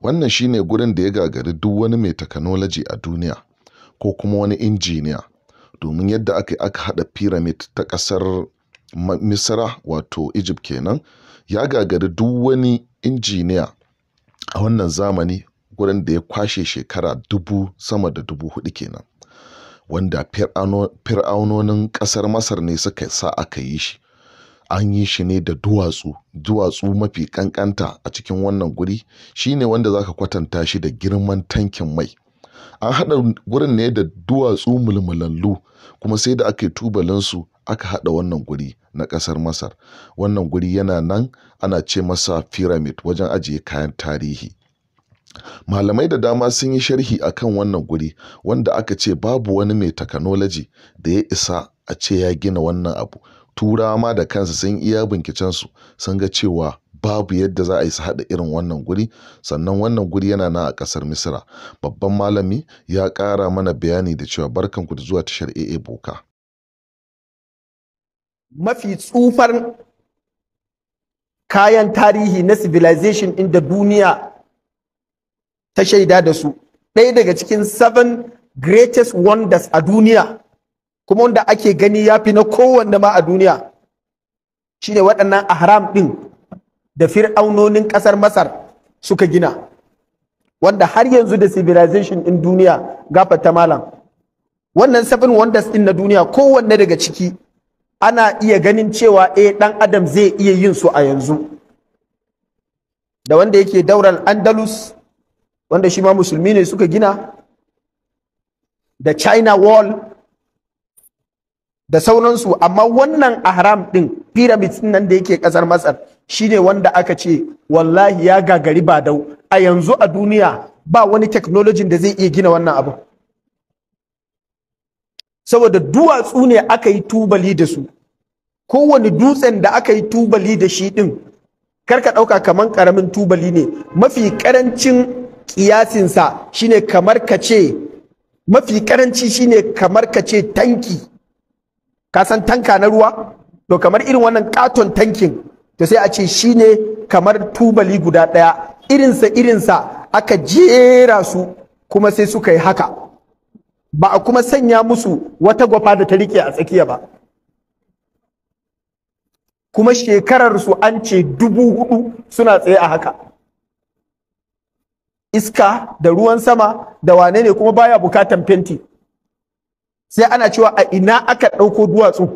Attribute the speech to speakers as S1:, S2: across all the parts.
S1: Wannan shi ne gurin da ya gagari duk wani mai takanoloji a duniya ko kuma wani injiniya, domin yadda aka aka haɗa pyramid ta kasar Misra wato Egypt kenan, ya gagari duk wani injiniya a wannan zamani gurin da ya kwashe shekara dubu sama da dubu hudu kenan, wanda fir'aunonin kasar Masar ne suka sa aka yi shi. an yi shi ne da duwatsu duwatsu mafi ƙanƙanta a cikin wannan guri shine wanda za ka kwatanta shi da girman tankin mai an haɗa gurin ne da duwatsu mulmulallu kuma sai da aka yi tubalinsu aka haɗa wannan guri na ƙasar masar wannan guri yana nan ana ce masa pyramid wajen ajiye kayan tarihi malamai da dama sun yi sharhi a kan wannan guri wanda aka ce babu wani mai takanoloji da ya isa a ce ya gina wannan abu turawa ma da kansu sun iya binkicensu sun ga cewa babu yadda za a yi su haɗa irin wannan guri sannan wannan guri yana nan a ƙasar misira babban malami ya ƙara mana bayani da cewa barkanku da zuwa tashar aa boka
S2: mafi tsufar kayan tarihi na civilization inda duniya ta shaida da su ɗaya daga cikin seven greatest wonders a duniya kuma wanda ake gani ya fi na kowanne ma a duniya shi ne waɗannan a haram ɗin da fir'aunonin ƙasar masar suka gina wanda har yanzu da civilization ɗin duniya gafata malam wannan seven wonders ɗin na duniya kowanne daga ciki ana iya ganin cewa eh ɗan adam zai iya yin su a yanzu da wanda yake daular andalus wanda shi ma musulmi ne suka gina da china wall da sauransu amma wannan ahram din pyramids nan da yake kasar masar shine wanda aka ce wallahi ya gagari ba dau a yanzu a duniya ba wani technology da zai iya gina wannan abu saboda duwatsu ne aka yi tubali da su kowane dutsen da aka yi tubali da shi din karka ɗauka kamar karamin tubali ne mafi ƙarancin ƙiyasinsa shine kamar ka ce mafi karanci shine kamar ka ce tanki ka san tanka na ruwa to kamar irin wannan katon tankin to sai a ce shine kamar tubali guda ɗaya irinsa irinsa aka jera su kuma sai suka yi haka ba a kuma sanya musu wata gwafa da ta rike a tsakiya ba kuma shekararsu an ce dubu hudu suna tsaye a haka iska da ruwan sama da wane ne kuma baya bukatan fenti sai ana cewa a ina aka ɗauko duwatsu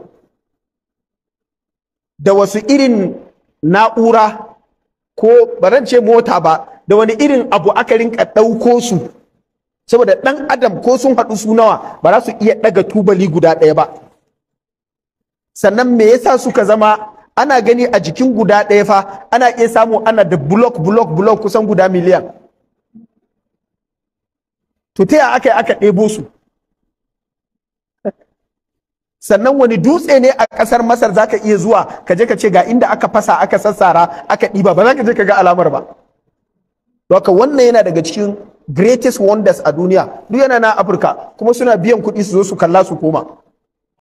S2: da wasu irin na'ura ko barance ce mota ba da wani irin abu aka rinka ɗauko su saboda ɗan adam ko sun haɗu su nawa ba za su iya ɗaga tubali guda ɗaya ba sannan me yasa suka zama ana gani a jikin guda ɗaya fa ana iya samu ana da block block block kusan guda miliyan to ta aka aka ɗebo su sannan wani dutse ne a ƙasar masar za ka iya zuwa ka je ka ce ga inda aka fasa aka sassara aka ɗiba ba za ka je ka ga alamar ba Doka wannan yana daga cikin greatest wonders a duniya duk yana na afirka kuma suna biyan kuɗi su zo su kalla su koma